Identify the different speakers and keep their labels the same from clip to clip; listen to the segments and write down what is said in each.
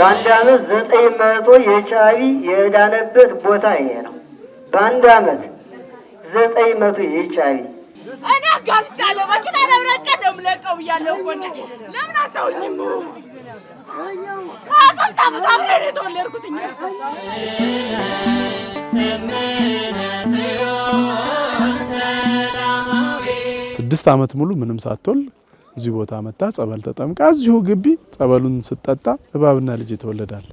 Speaker 1: በአንድ አመት ዘጠኝ መቶ የቻቢ የዳነበት ቦታ ይሄ ነው። በአንድ አመት ዘጠኝ መቶ የቻቢ
Speaker 2: እኔ አጋልጫለሁ። መኪና ለብረቀ ደም ለቀው እያለሁ ሆነ ለምን አታውኝም? ከሶስት አመት ዓመት አብረን የተወለድኩት
Speaker 3: ስድስት ዓመት ሙሉ ምንም ሳትወል እዚህ ቦታ መጣ ጸበል ተጠምቃ እዚሁ ግቢ ጸበሉን ስጠጣ እባብና ልጅ ተወለዳል።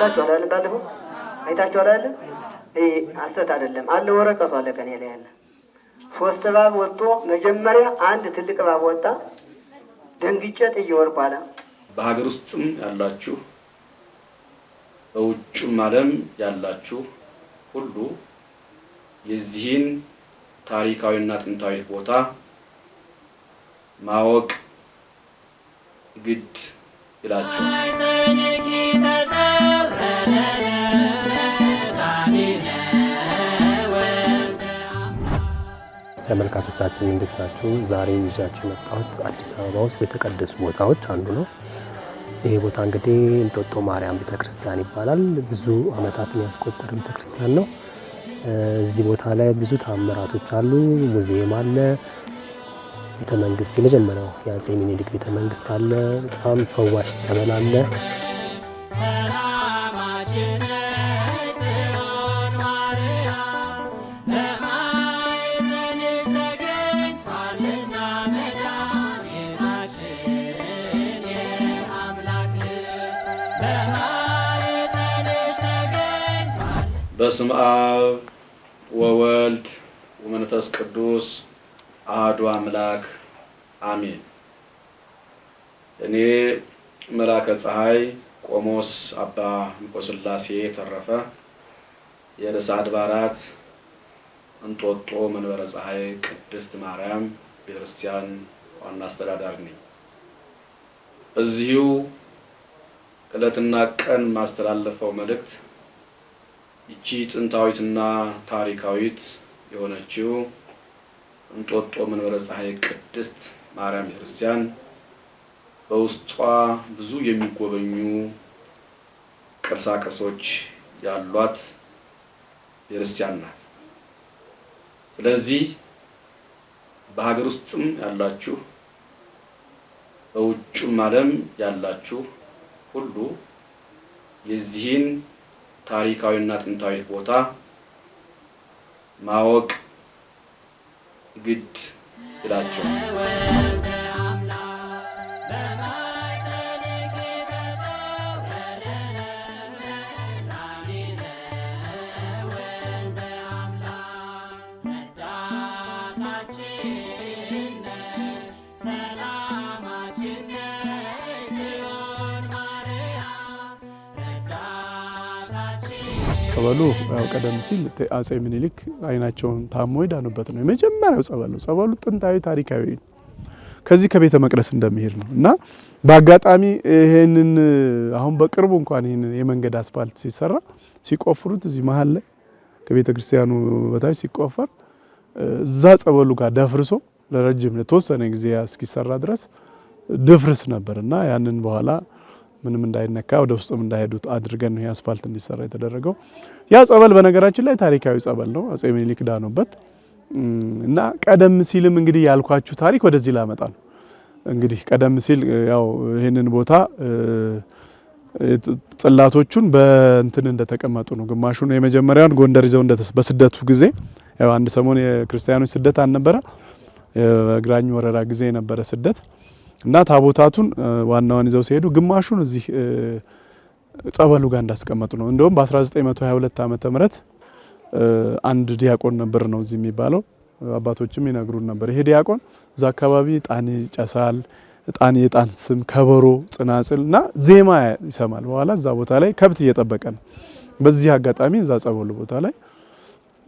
Speaker 4: ሰምታችኋል። አሰት አይደለም አለ ወረቀቱ አለ ከኔ ላይ ያለ ሶስት እባብ ወጥቶ መጀመሪያ አንድ ትልቅ እባብ ወጣ። ደንግጬ ጥዬ ወርቅ
Speaker 5: በሀገር ውስጥም ያላችሁ በውጭም ዓለም ያላችሁ ሁሉ የዚህን ታሪካዊና ጥንታዊ ቦታ ማወቅ ግድ ይላችሁ።
Speaker 6: ተመልካቾቻችን እንዴት ናቸው? ዛሬ ይዣችሁ የመጣሁት አዲስ አበባ ውስጥ የተቀደሱ ቦታዎች አንዱ ነው። ይሄ ቦታ እንግዲህ እንጦጦ ማርያም ቤተክርስቲያን ይባላል። ብዙ ዓመታትን ያስቆጠረ ቤተክርስቲያን ነው። እዚህ ቦታ ላይ ብዙ ታምራቶች አሉ። ሙዚየም አለ። ቤተመንግስት የመጀመሪያው የአፄ ሚኒሊክ ቤተመንግስት አለ። በጣም ፈዋሽ ጸበል አለ።
Speaker 7: በስም አብ ወወልድ ወመንፈስ ቅዱስ አህዱ አምላክ አሜን። እኔ መላከ ፀሐይ ቆሞስ አባ ምቆስላሴ ተረፈ የርዕሰ አድባራት እንጦጦ መንበረ ፀሐይ ቅድስት ማርያም ቤተክርስቲያን ዋና አስተዳዳሪ ነኝ። እዚሁ ዕለትና ቀን ማስተላለፈው መልእክት ይቺ ጥንታዊትና ታሪካዊት የሆነችው እንጦጦ መንበረ ፀሐይ ቅድስት ማርያም ቤተክርስቲያን በውስጧ ብዙ የሚጎበኙ ቅርሳ ቅርሶች ያሏት ቤተክርስቲያን ናት። ስለዚህ በሀገር ውስጥም ያላችሁ በውጩም ዓለም ያላችሁ ሁሉ የዚህን ታሪካዊና ጥንታዊ ቦታ ማወቅ ግድ ይላቸዋል።
Speaker 8: ጸበሉ ያው ቀደም ሲል አጼ ምኒልክ አይናቸውን ታሞ ይዳኑበት ነው የመጀመሪያው ጸበል ጸበሉ ጥንታዊ ታሪካዊ ከዚህ ከቤተ መቅደስ እንደሚሄድ ነው እና በአጋጣሚ ይሄንን አሁን በቅርቡ እንኳን ይሄንን የመንገድ አስፋልት ሲሰራ ሲቆፍሩት እዚህ መሀል ላይ ከቤተ ክርስቲያኑ በታች ሲቆፈር እዛ ጸበሉ ጋር ደፍርሶ ለረጅም ለተወሰነ ጊዜ እስኪሰራ ድረስ ድፍርስ ነበር እና ያንን በኋላ ምንም እንዳይነካ ወደ ውስጥም እንዳይሄዱት አድርገን ነው የአስፋልት እንዲሰራ የተደረገው። ያ ጸበል በነገራችን ላይ ታሪካዊ ጸበል ነው። አጼ ሚኒሊክ ዳኑበት እና ቀደም ሲልም እንግዲህ ያልኳችሁ ታሪክ ወደዚህ ላመጣ ነው። እንግዲህ ቀደም ሲል ያው ይህንን ቦታ ጽላቶቹን በእንትን እንደተቀመጡ ነው። ግማሹን የመጀመሪያውን ጎንደር ይዘው በስደቱ ጊዜ ያው አንድ ሰሞን የክርስቲያኖች ስደት አልነበረ፣ የእግራኝ ወረራ ጊዜ የነበረ ስደት እና ታቦታቱን ዋናዋን ይዘው ሲሄዱ ግማሹን እዚህ ጸበሉ ጋር እንዳስቀመጡ ነው። እንደውም በ1922 ዓመተ ምህረት አንድ ዲያቆን ነበር ነው እዚህ የሚባለው አባቶችም ይነግሩን ነበር። ይሄ ዲያቆን እዛ አካባቢ እጣን ይጨሳል። እጣን የጣን ስም ከበሮ፣ ጽናጽል እና ዜማ ይሰማል። በኋላ እዛ ቦታ ላይ ከብት እየጠበቀ ነው። በዚህ አጋጣሚ እዛ ጸበሉ ቦታ ላይ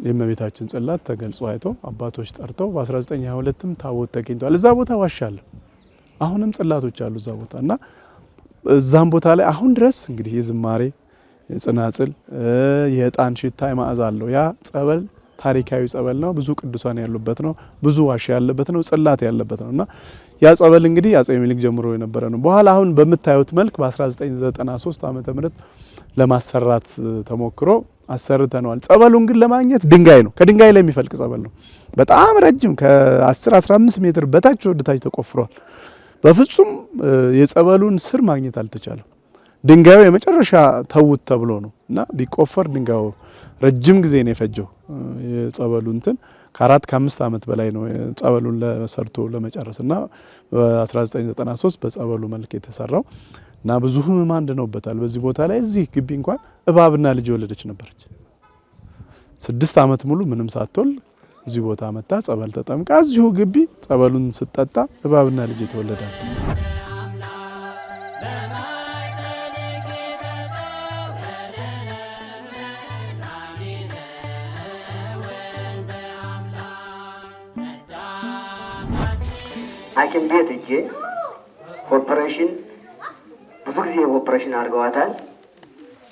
Speaker 8: የእመቤታችን ጽላት ተገልጾ አይቶ አባቶች ጠርተው በ1922ም ታቦት ተገኝቷል። እዛ ቦታ ዋሻ አለ። አሁንም ጽላቶች አሉ እዛ ቦታ እና እዛም ቦታ ላይ አሁን ድረስ እንግዲህ የዝማሬ ጽናጽል የእጣን ሽታ ማዕዛ አለው። ያ ጸበል ታሪካዊ ጸበል ነው። ብዙ ቅዱሳን ያሉበት ነው። ብዙ ዋሻ ያለበት ነው። ጽላት ያለበት ነው እና ያ ጸበል እንግዲህ አጼ ሚኒሊክ ጀምሮ የነበረ ነው። በኋላ አሁን በምታዩት መልክ በ1993 ዓመተ ምህረት ለማሰራት ተሞክሮ አሰርተነዋል። ጸበሉን ግን ለማግኘት ድንጋይ ነው፣ ከድንጋይ ላይ የሚፈልቅ ጸበል ነው። በጣም ረጅም ከ10 15 ሜትር በታች ወደታች ተቆፍሯል። በፍጹም የጸበሉን ስር ማግኘት አልተቻለም። ድንጋዩ የመጨረሻ ተውት ተብሎ ነው እና ቢቆፈር ድንጋዩ ረጅም ጊዜ ነው የፈጀው። የጸበሉ እንትን ከአራት ከአምስት ዓመት በላይ ነው ጸበሉን ሰርቶ ለመጨረስ እና በ1993 በጸበሉ መልክ የተሰራው እና ብዙ ህመም አንድነውበታል። በዚህ ቦታ ላይ እዚህ ግቢ እንኳን እባብና ልጅ የወለደች ነበረች ስድስት ዓመት ሙሉ ምንም ሳትወል እዚህ ቦታ መጣ ጸበል ተጠምቃ እዚሁ ግቢ ጸበሉን ስጠጣ እባብና ልጅ ተወለዳል።
Speaker 4: ሐኪም ቤት እጄ ኦፕሬሽን ብዙ ጊዜ ኦፕሬሽን አድርገዋታል።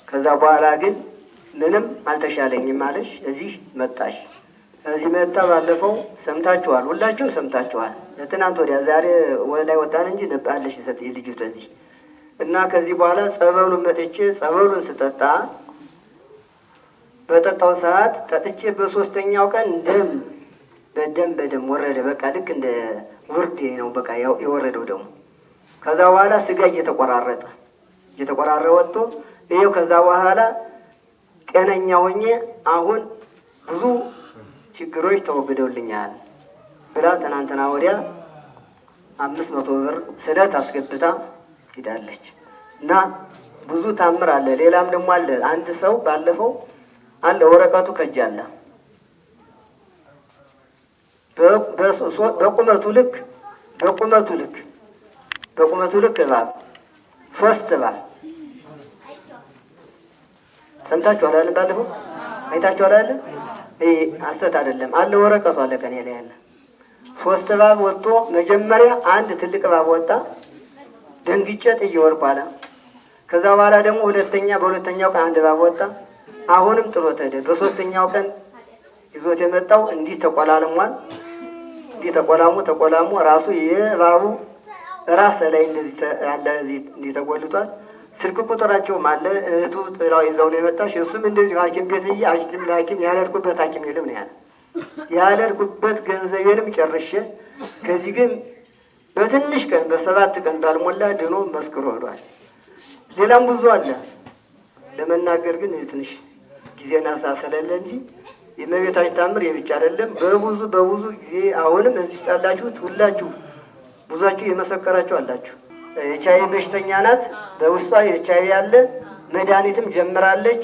Speaker 4: ከዛ በኋላ ግን ምንም አልተሻለኝም አለሽ። እዚህ መጣሽ እዚህ መጣ። ባለፈው ሰምታችኋል፣ ሁላችሁ ሰምታችኋል። ለትናንት ወዲያ ዛሬ ወላይ ወጣን እንጂ ነባለሽ ይሰጥ ልጅቷ እዚህ እና ከዚህ በኋላ ጸበሉን መጥቼ ጸበሉን ስጠጣ በጠጣው ሰዓት ጠጥቼ በሶስተኛው ቀን ደም በደም በደም ወረደ። በቃ ልክ እንደ ውርድ ነው በቃ የወረደው ደግሞ ከዛ በኋላ ስጋ እየተቆራረጠ እየተቆራረ ወጥቶ ይኸው ከዛ በኋላ ጤነኛ ሆኜ አሁን ብዙ ችግሮች ተወግደውልኛል ብላ ትናንትና ወዲያ አምስት መቶ ብር ስለት አስገብታ ሂዳለች። እና ብዙ ታምር አለ። ሌላም ደግሞ አለ። አንድ ሰው ባለፈው አለ ወረቀቱ ከእጅ አለ በቁመቱ ልክ በቁመቱ ልክ በቁመቱ ልክ እባብ ሶስት እባብ ሰምታችኋል። ባለፈው አይታችኋል። አሰት አይደለም አለ ወረቀቱ አለ ከኔ ላይ ያለ ሶስት እባብ ወጥቶ መጀመሪያ አንድ ትልቅ እባብ ወጣ። ደንግጬ ጥዬ ወርኩ አለ። ከዛ በኋላ ደግሞ ሁለተኛ በሁለተኛው ቀን አንድ እባብ ወጣ። አሁንም ጥሎት ሄደ። በሶስተኛው ቀን ይዞት የመጣው እንዲህ ተቆላልሟል። እንዲህ ተቆላሙ ተቆላሙ ራሱ የእባቡ ራስ ላይ እንደዚህ ያለ እዚህ እንዲህ ተጎልቷል። ስልክ ቁጥራቸውም አለ። እህቱ ጥላው ይዘው ነው የመጣች። እሱም እንደዚሁ ሐኪም ቤት ብዬ ሐኪም ለሐኪም ያለድኩበት ሐኪም የለም ነው ያለ። ያለድኩበት ገንዘቤንም ጨርሼ ከዚህ ግን በትንሽ ቀን በሰባት ቀን ባልሞላ ድኖ መስክሮ ሄዷል። ሌላም ብዙ አለ ለመናገር ግን ትንሽ ጊዜና ሳሰለለ እንጂ የእመቤታችን ታምር የብቻ አይደለም። በብዙ በብዙ ጊዜ አሁንም እዚህ ጣላችሁት ሁላችሁ ብዙችሁ የመሰከራችሁ አላችሁ። ኤች አይ ቪ በሽተኛ ናት። በውስጧ ኤች አይ ቪ አለ። መድኃኒትም ጀምራለች።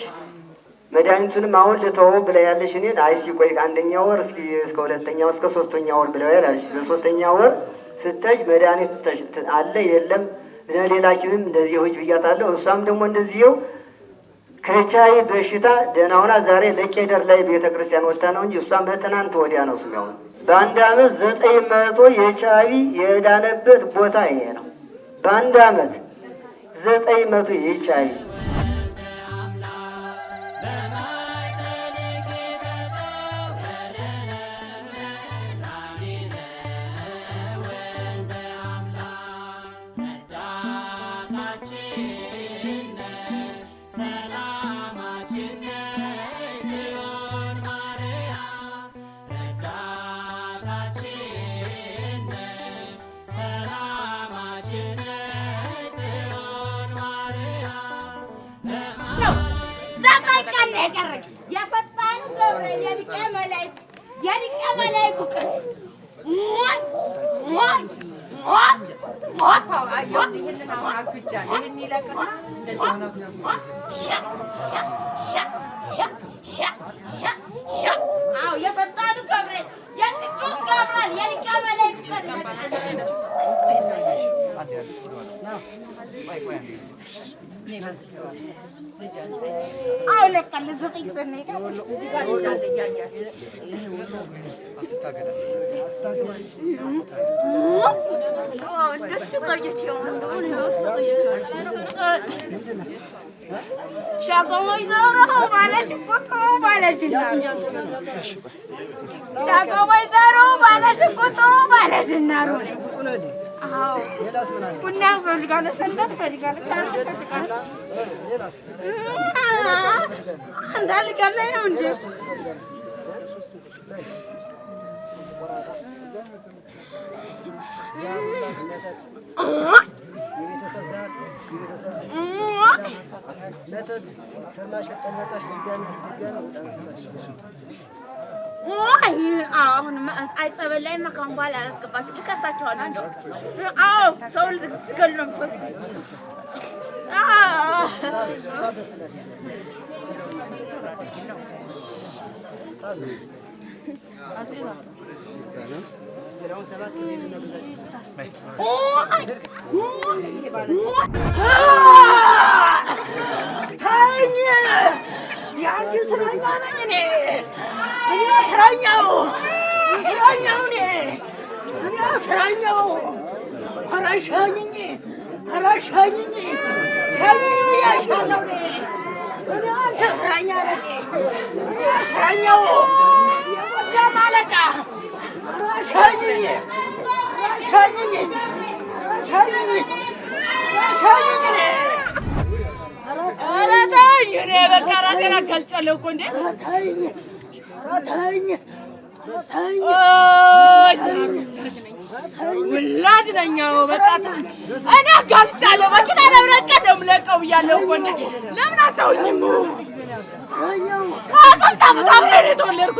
Speaker 4: መድኃኒቱንም አሁን ልተው ብላ ያለች እኔን አይ ሲቆይ አንደኛ ወር እስኪ እስከ ሁለተኛ እስከ ሶስተኛ ወር ብላ ያለች በሶስተኛ ወር ስተጅ መድኃኒቱ አለ የለም ለሌላ ኪብም እንደዚህ ሆጅ ብያታለሁ። እሷም ደግሞ እንደዚህው ከቻይ በሽታ ደህና ሆና ዛሬ ለቄደር ላይ ቤተ ክርስቲያን ወጥታ ነው እንጂ እሷም በትናንት ወዲያ ነው ስሚያሆን
Speaker 1: በአንድ አመት ዘጠኝ መቶ የቻይ የዳነበት ቦታ ይሄ ነው። በአንድ ዓመት ዘጠኝ መቶ ይቻይ
Speaker 2: ሻቆ ወይዘሮ ባለሽቁጡ ባለሽናሩ ቡና ፈልጋለሁ፣ ሰንዳ ፈልጋለሁ፣ እንዳልቀለኝ ነው እንዴ? አሁን ጸበል ላይ መካን በኋላ ያላስገባቸው ይከሳቸዋል። አዎ ሰው ልጅ ስገሉ ነው። ተኝ የአንቺ ስራ እኔ ስራኛው ስራኛው እኔ ስራኛው አራሻኝኝ አራሻኝኝ ሻኝኝ ያሻለው አንተ ስራኛ ስራኛው የሞታ ማለቃ አራሻኝኝ አራሻኝኝ አራሻኝኝ አራሻኝኝ ኧረ ተይኝ እኔ በቃ ራሴን አጋልጫለሁ እኮ እንዴ ውላጅ ነኝ። በቃ እኔ አጋዝቻለሁ። መኪና ለምረቀን ነው የምለቀው ብያለሁ እኮ እንደ ለምን አታውኝም? ሀያ ሦስት ዓመት አብረን የተወለድኩት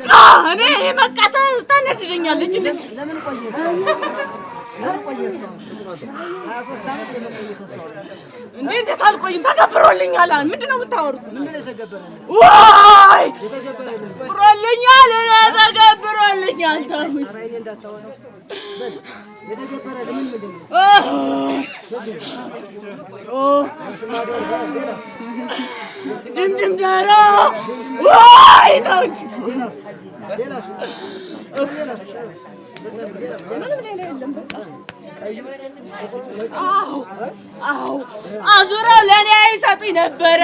Speaker 2: በቃ እኔ በቃ ታነድደኛለች እንደ እንዴ እንዴት አልቆይም፣ ተገብሮልኛል። ምንድን ነው የምታወሩት? ወይ ተገብሮልኛል፣ ተገብሮልኛል። ድምድም ዳራ ወይ ተውኝ ምንም ሌላ የለም በቃ አዎ አዙረው ለእኔ ይሰጡኝ ነበረ።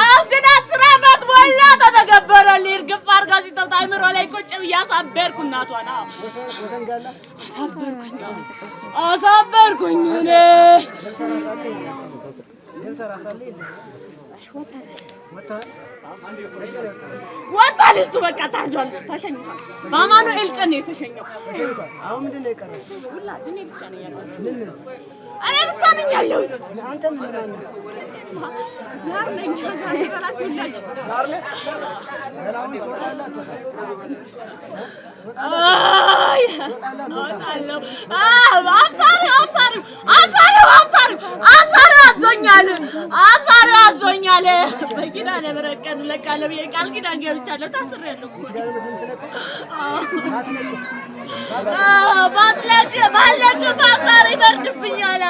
Speaker 2: አሁን ግን አስር ዓመት ሞላ ተተገበረ። እርግፍ አድርጋ ሲተውት አይምሮ ላይ ቁጭ ብዬ አሳበርኩ። እናቷን አሳበርኩኝ እኔ ወጣል። እሱ በቃ ታርዷል። እሱ ተሸኝቷል። በአማኑኤል ቀን ነው የተሸኘው። አሁን ምንድን ነው ብቻ ነኝ ያለሁት። ዛር ነኝ ቃለ ምሕረት ቀን ለቃለ ብዬ ቃል ኪዳን ገብቻለሁ። ታስሬያለሁ። ባትለቅ ባለቅም አሳር ይበርድብኛል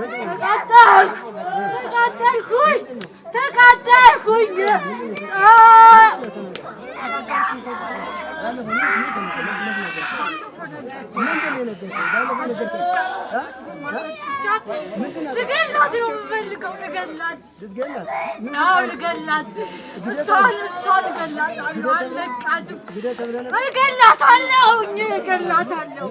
Speaker 2: ተቃጠልኩኝ ተቃጠልኩኝ። ልገላት ነው የምፈልገው። ልገላት ልገላት እሷን እሷን ልገላት አለቃትም ልገላት አለሁኝ ልገላት አለሁ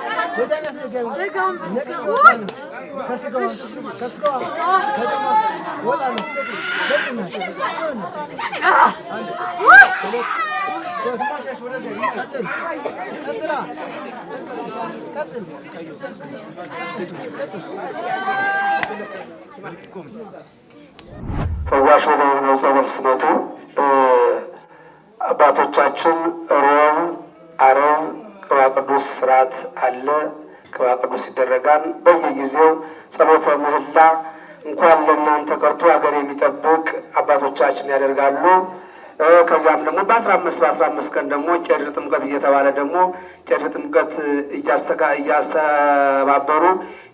Speaker 9: ፈዋሽ
Speaker 10: ወደ ሆነው ጸበል ስመጡ አባቶቻችን ሮብ አረብ ቅዱስ ስርዓት አለ። ቅባ ቅዱስ ይደረጋል። በየጊዜው ጸሎተ ምህላ እንኳን ለእናንተ ቀርቶ ሀገር የሚጠብቅ አባቶቻችን ያደርጋሉ። ከዚያም ደግሞ በአስራ አምስት በአስራ አምስት ቀን ደግሞ ጨድር ጥምቀት እየተባለ ደግሞ ጨድር ጥምቀት እያስተባበሩ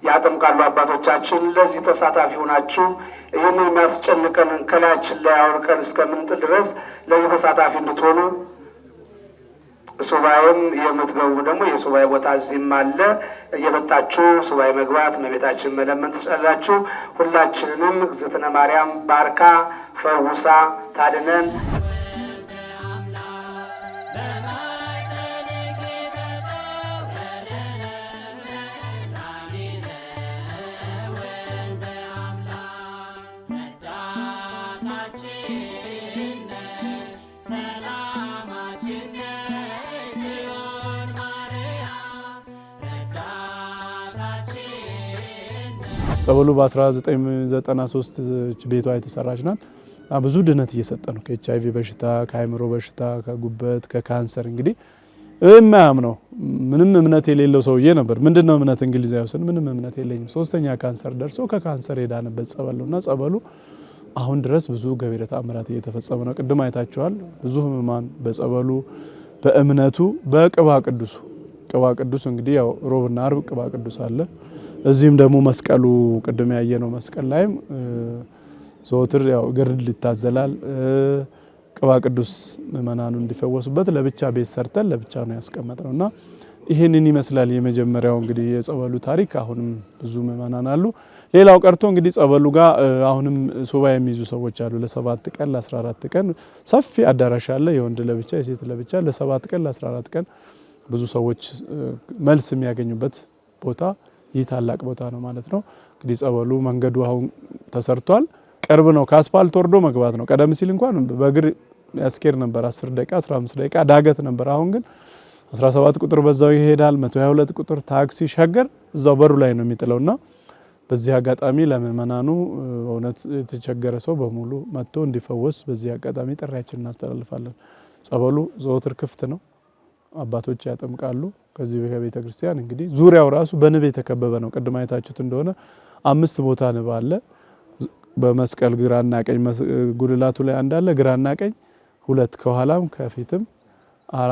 Speaker 10: ያጠምቃሉ አባቶቻችን። ለዚህ ተሳታፊ ሆናችሁ ይህን የሚያስጨንቀን ከላያችን ላይ አውልቀን እስከምንጥል ድረስ ለዚህ ተሳታፊ እንድትሆኑ ሱባኤውም የምትገቡ ደግሞ የሱባኤ ቦታ እዚህም አለ። የመጣችሁ ሱባኤ መግባት መቤታችን መለመን ትችላላችሁ። ሁላችንንም እግዝእትነ ማርያም ባርካ ፈውሳ ታድነን።
Speaker 3: ጸበሉ በ1993 ቤቷ የተሰራች ናት። ብዙ ድነት እየሰጠ ነው። ከኤች አይቪ በሽታ፣ ከአይምሮ በሽታ፣ ከጉበት፣ ከካንሰር እንግዲህ የማያም ነው። ምንም እምነት የሌለው ሰውዬ ነበር። ምንድን ነው እምነት እንግሊዛዊ ስን ምንም እምነት የለኝም። ሶስተኛ ካንሰር ደርሶ ከካንሰር የዳነበት ጸበል ነው እና ጸበሉ አሁን ድረስ ብዙ ገቢረ ተአምራት እየተፈጸመ ነው። ቅድም አይታችኋል። ብዙ ህሙማን በጸበሉ በእምነቱ በቅባ ቅዱሱ ቅባ ቅዱስ እንግዲህ ያው ሮብና አርብ ቅባ ቅዱስ አለ። እዚህም ደግሞ መስቀሉ ቅድም ያየነው መስቀል ላይም ዘወትር ያው እግር ይታዘላል። ቅባ ቅዱስ ምእመናኑ እንዲፈወሱበት ለብቻ ቤት ሰርተን ለብቻ ነው ያስቀመጥነው እና ይህንን ይመስላል የመጀመሪያው እንግዲህ የጸበሉ ታሪክ። አሁንም ብዙ ምእመናን አሉ። ሌላው ቀርቶ እንግዲህ ጸበሉ ጋር አሁንም ሱባ የሚይዙ ሰዎች አሉ። ለሰባት ቀን ለአስራ አራት ቀን ሰፊ አዳራሽ አለ። የወንድ ለብቻ የሴት ለብቻ ለሰባት ቀን ለአስራ አራት ቀን ብዙ ሰዎች መልስ የሚያገኙበት ቦታ ይህ ታላቅ ቦታ ነው ማለት ነው። እንግዲህ ጸበሉ መንገዱ አሁን ተሰርቷል። ቅርብ ነው። ከአስፓልት ወርዶ መግባት ነው። ቀደም ሲል እንኳን በእግር ያስኬድ ነበር 10 ደቂቃ 15 ደቂቃ ዳገት ነበር። አሁን ግን 17 ቁጥር በዛው ይሄዳል። 122 ቁጥር ታክሲ ሸገር እዛው በሩ ላይ ነው የሚጥለውና በዚህ አጋጣሚ ለምእመናኑ እውነት የተቸገረ ሰው በሙሉ መጥቶ እንዲፈወስ በዚህ አጋጣሚ ጥሪያችን እናስተላልፋለን። ጸበሉ ዘወትር ክፍት ነው። አባቶች ያጠምቃሉ። ከዚህ ከቤተ ክርስቲያን እንግዲህ ዙሪያው ራሱ በንብ የተከበበ ነው። ቅድም አይታችሁት እንደሆነ አምስት ቦታ ንብ አለ። በመስቀል ግራና ቀኝ ጉልላቱ ላይ አንዳለ ግራና ቀኝ ሁለት ከኋላም ከፊትም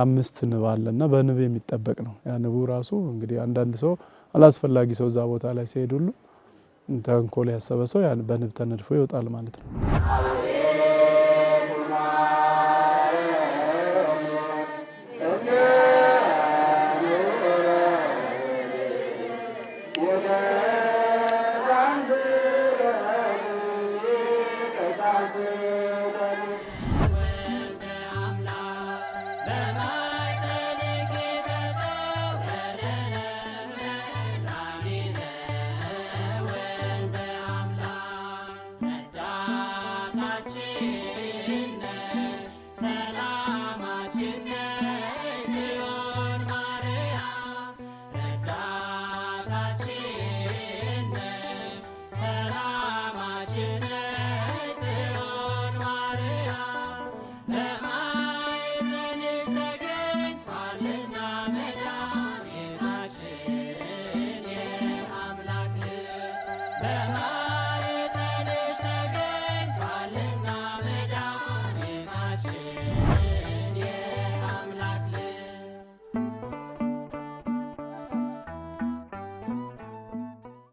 Speaker 3: አምስት ንብ አለና በንብ የሚጠበቅ ነው። ያ ንቡ ራሱ እንግዲህ አንዳንድ ሰው አላስፈላጊ ሰው እዛ ቦታ ላይ ሲሄድ ሁሉ ተንኮል ያሰበ ሰው ያን በንብ ተነድፎ ይወጣል ማለት ነው።